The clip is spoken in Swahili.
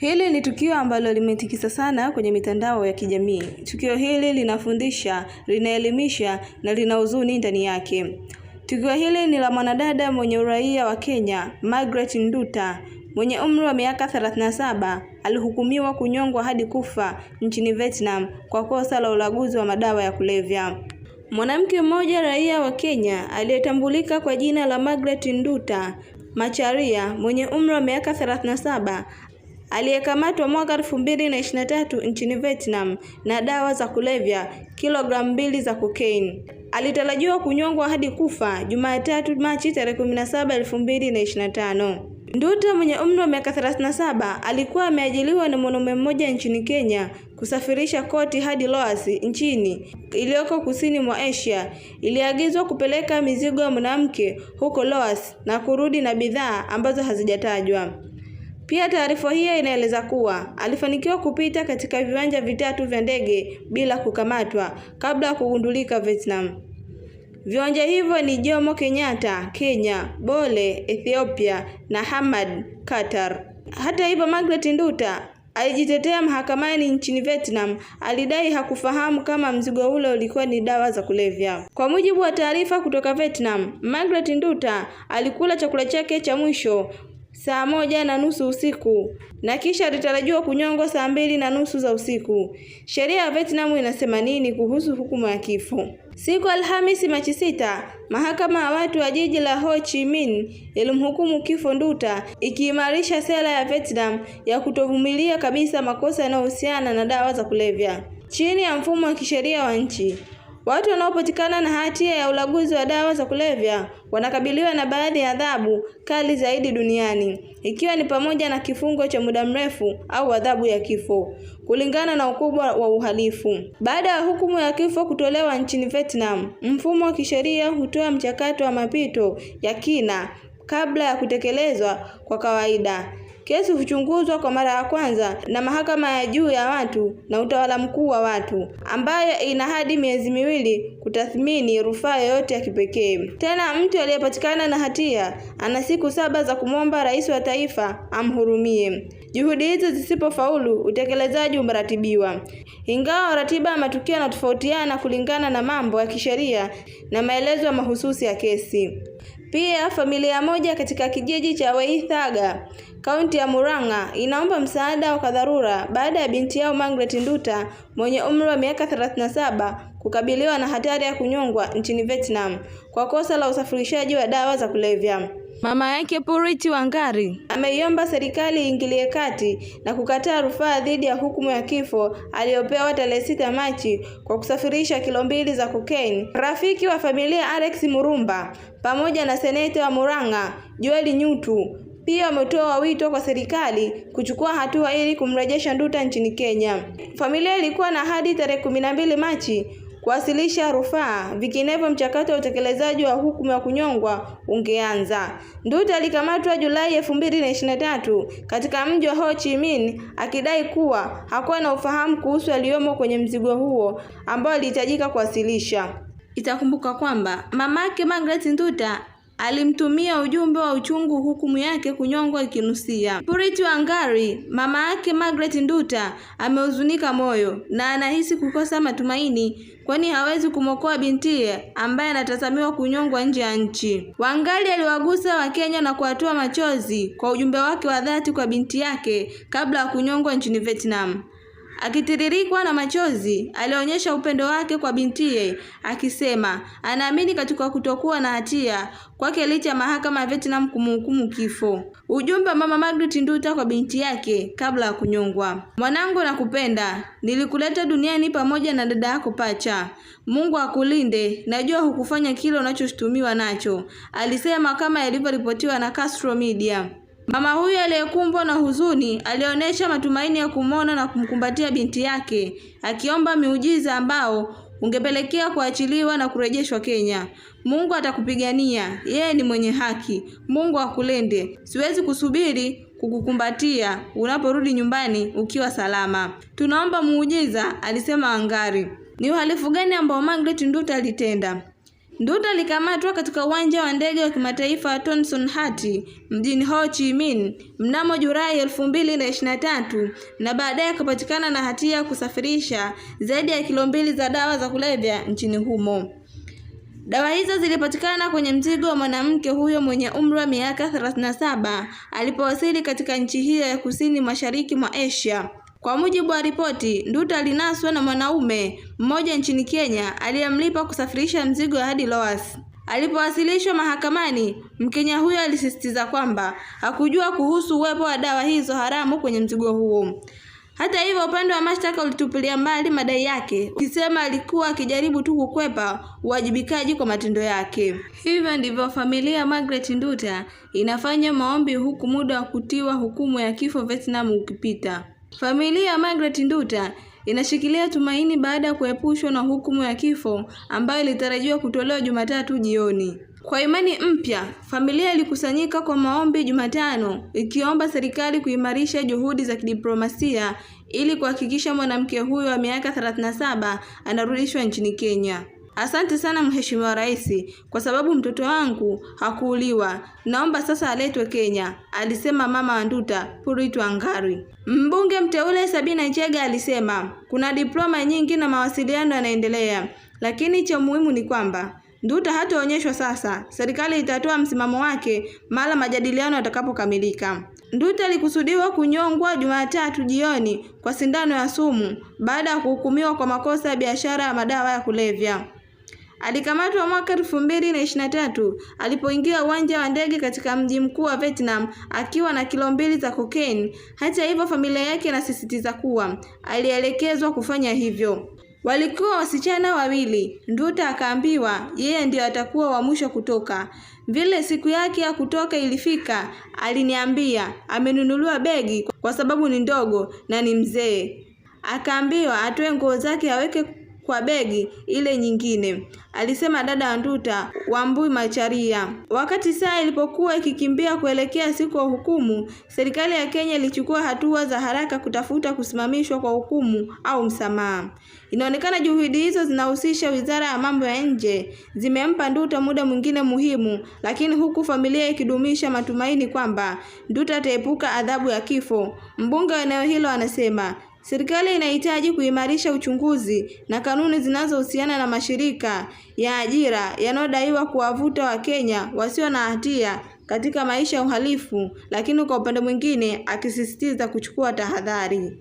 Hili ni tukio ambalo limetikisa sana kwenye mitandao ya kijamii. Tukio hili linafundisha, linaelimisha na lina huzuni ndani yake. Tukio hili ni la mwanadada mwenye uraia wa Kenya, Margaret Nduta mwenye umri wa miaka 37 alihukumiwa kunyongwa hadi kufa nchini Vietnam kwa kosa la ulaguzi wa madawa ya kulevya. Mwanamke mmoja raia wa Kenya aliyetambulika kwa jina la Margaret Nduta Macharia mwenye umri wa miaka 37 aliyekamatwa mwaka 2023 nchini Vietnam na dawa za kulevya kilogramu mbili za cocaine. Alitarajiwa kunyongwa hadi kufa Jumatatu Machi tarehe 17, 2025. Nduta mwenye umri wa miaka 37 alikuwa ameajiliwa na mwanaume mmoja nchini Kenya kusafirisha koti hadi Laos nchini iliyoko kusini mwa Asia. Iliagizwa kupeleka mizigo ya mwanamke huko Laos na kurudi na bidhaa ambazo hazijatajwa. Pia taarifa hiyo inaeleza kuwa alifanikiwa kupita katika viwanja vitatu vya ndege bila kukamatwa kabla ya kugundulika Vietnam. Viwanja hivyo ni Jomo Kenyatta, Kenya, Bole, Ethiopia na Hamad, Qatar. Hata hivyo, Margaret Nduta alijitetea mahakamani nchini Vietnam. Alidai hakufahamu kama mzigo ule ulikuwa ni dawa za kulevya. Kwa mujibu wa taarifa kutoka Vietnam, Margaret Nduta alikula chakula chake cha mwisho saa moja na nusu usiku na kisha alitarajiwa kunyongwa saa mbili na nusu za usiku. Sheria ya Vietnam inasema nini kuhusu hukumu ya kifo? Siku Alhamisi Machi sita, mahakama ya watu wa jiji la Ho Chi Minh ilimhukumu kifo Nduta, ikiimarisha sera ya Vietnam ya kutovumilia kabisa makosa yanayohusiana na dawa za kulevya chini ya mfumo wa kisheria wa nchi. Watu wanaopatikana na hatia ya ulaguzi wa dawa za kulevya wanakabiliwa na baadhi ya adhabu kali zaidi duniani ikiwa ni pamoja na kifungo cha muda mrefu au adhabu ya kifo kulingana na ukubwa wa uhalifu. Baada ya hukumu ya kifo kutolewa nchini Vietnam, mfumo wa kisheria hutoa mchakato wa mapito ya kina kabla ya kutekelezwa kwa kawaida. Kesi huchunguzwa kwa mara ya kwanza na mahakama ya juu ya watu na utawala mkuu wa watu, ambayo ina hadi miezi miwili kutathmini rufaa yoyote ya kipekee. Tena, mtu aliyepatikana na hatia ana siku saba za kumwomba rais wa taifa amhurumie. Juhudi hizo zisipofaulu, utekelezaji umeratibiwa. Ingawa ratiba ya matukio yanatofautiana kulingana na mambo ya kisheria na maelezo ya mahususi ya kesi. Pia familia moja katika kijiji cha Waithaga kaunti ya Murang'a inaomba msaada wa dharura baada ya binti yao Margaret Nduta mwenye umri wa miaka 37 kukabiliwa na hatari ya kunyongwa nchini Vietnam kwa kosa la usafirishaji wa dawa za kulevya. Mama yake Purity Wangari ameiomba serikali iingilie kati na kukataa rufaa dhidi ya hukumu ya kifo aliyopewa tarehe sita Machi kwa kusafirisha kilo mbili za kokaini. Rafiki wa familia Alex Murumba pamoja na seneta wa Murang'a Joel Nyutu pia wametoa wito kwa serikali kuchukua hatua ili kumrejesha Nduta nchini Kenya. Familia ilikuwa na hadi tarehe kumi na mbili Machi kuwasilisha rufaa, vinginevyo mchakato wa utekelezaji wa hukumu ya kunyongwa ungeanza. Nduta alikamatwa Julai elfu mbili na ishirini na tatu katika mji wa Ho Chi Minh akidai kuwa hakuwa na ufahamu kuhusu aliyomo kwenye mzigo huo ambao alihitajika kuwasilisha. Itakumbuka kwamba mamake Margaret Nduta alimtumia ujumbe wa uchungu, hukumu yake kunyongwa ikinusia. Purity Wangari, mama yake Margaret Nduta, amehuzunika moyo na anahisi kukosa matumaini, kwani hawezi kumwokoa bintiye ambaye anatazamiwa kunyongwa nje ya nchi. Wangari aliwagusa Wakenya na kuwatoa machozi kwa ujumbe wake wa dhati kwa binti yake kabla ya kunyongwa nchini Vietnam. Akitiririkwa na machozi, alionyesha upendo wake kwa bintiye akisema anaamini katika kutokuwa na hatia kwake licha ya mahakama ya Vietnam kumhukumu kifo. Ujumbe wa Mama Margaret Nduta kwa binti yake kabla ya kunyongwa: mwanangu, nakupenda, nilikuleta duniani pamoja na dada yako pacha. Mungu akulinde, najua hukufanya kile unachoshutumiwa nacho, alisema kama yalivyoripotiwa na Castro Media. Mama huyu aliyekumbwa na huzuni alionyesha matumaini ya kumwona na kumkumbatia binti yake, akiomba miujiza ambao ungepelekea kuachiliwa na kurejeshwa Kenya. Mungu atakupigania, yeye ni mwenye haki. Mungu akulinde. Siwezi kusubiri kukukumbatia unaporudi nyumbani ukiwa salama. Tunaomba muujiza, alisema Wangari. Ni uhalifu gani ambao Margaret Nduta alitenda? Nduta alikamatwa katika uwanja wa ndege wa kimataifa wa Tonson Hati mjini Ho Chi Minh mnamo Julai elfu mbili na ishirini na tatu na baadaye akapatikana na hatia ya kusafirisha zaidi ya kilo mbili za dawa za kulevya nchini humo. Dawa hizo zilipatikana kwenye mzigo wa mwanamke huyo mwenye umri wa miaka 37 alipowasili katika nchi hiyo ya kusini mashariki mwa Asia. Kwa mujibu wa ripoti, Nduta alinaswa na mwanaume mmoja nchini Kenya aliyemlipa kusafirisha mzigo hadi Lowassa. Alipowasilishwa mahakamani, Mkenya huyo alisisitiza kwamba hakujua kuhusu uwepo wa dawa hizo haramu kwenye mzigo huo. Hata hivyo, upande wa mashtaka ulitupilia mbali madai yake, ukisema alikuwa akijaribu tu kukwepa uwajibikaji kwa matendo yake. Hivyo ndivyo familia Margaret Nduta inafanya maombi huku muda wa kutiwa hukumu ya kifo Vietnam ukipita. Familia ya Margaret Nduta inashikilia tumaini baada ya kuepushwa na hukumu ya kifo ambayo ilitarajiwa kutolewa Jumatatu jioni. Kwa imani mpya, familia ilikusanyika kwa maombi Jumatano ikiomba serikali kuimarisha juhudi za kidiplomasia ili kuhakikisha mwanamke huyo wa miaka 37 anarudishwa nchini Kenya. Asante sana Mheshimiwa Rais, kwa sababu mtoto wangu hakuuliwa. Naomba sasa aletwe Kenya, alisema mama wa Nduta Purit Wangari. Mbunge mteule Sabina Nchega alisema kuna diploma nyingi na mawasiliano yanaendelea, lakini cha muhimu ni kwamba Nduta hataonyeshwa sasa. Serikali itatoa msimamo wake mara majadiliano yatakapokamilika. Nduta alikusudiwa kunyongwa Jumatatu jioni kwa sindano ya sumu baada ya kuhukumiwa kwa makosa ya biashara ya madawa ya kulevya. Alikamatwa mwaka elfu mbili na ishirini na tatu alipoingia uwanja wa ndege katika mji mkuu wa Vietnam akiwa na kilo mbili za kokaini. Hata hivyo, familia yake inasisitiza kuwa alielekezwa kufanya hivyo. Walikuwa wasichana wawili. Nduta akaambiwa yeye ndiye atakuwa wa mwisho kutoka. Vile siku yake ya kutoka ilifika, aliniambia amenunuliwa begi kwa sababu ni ndogo na ni mzee. Akaambiwa atoe nguo zake aweke kwa begi ile nyingine, alisema dada wa Nduta Wambui Macharia. Wakati saa ilipokuwa ikikimbia kuelekea siku ya hukumu, serikali ya Kenya ilichukua hatua za haraka kutafuta kusimamishwa kwa hukumu au msamaha. Inaonekana juhudi hizo zinahusisha wizara ya mambo ya nje, zimempa Nduta muda mwingine muhimu, lakini huku familia ikidumisha matumaini kwamba Nduta ataepuka adhabu ya kifo. Mbunge wa eneo hilo anasema Serikali inahitaji kuimarisha uchunguzi na kanuni zinazohusiana na mashirika ya ajira yanayodaiwa kuwavuta Wakenya wasio na hatia katika maisha ya uhalifu, lakini kwa upande mwingine akisisitiza kuchukua tahadhari.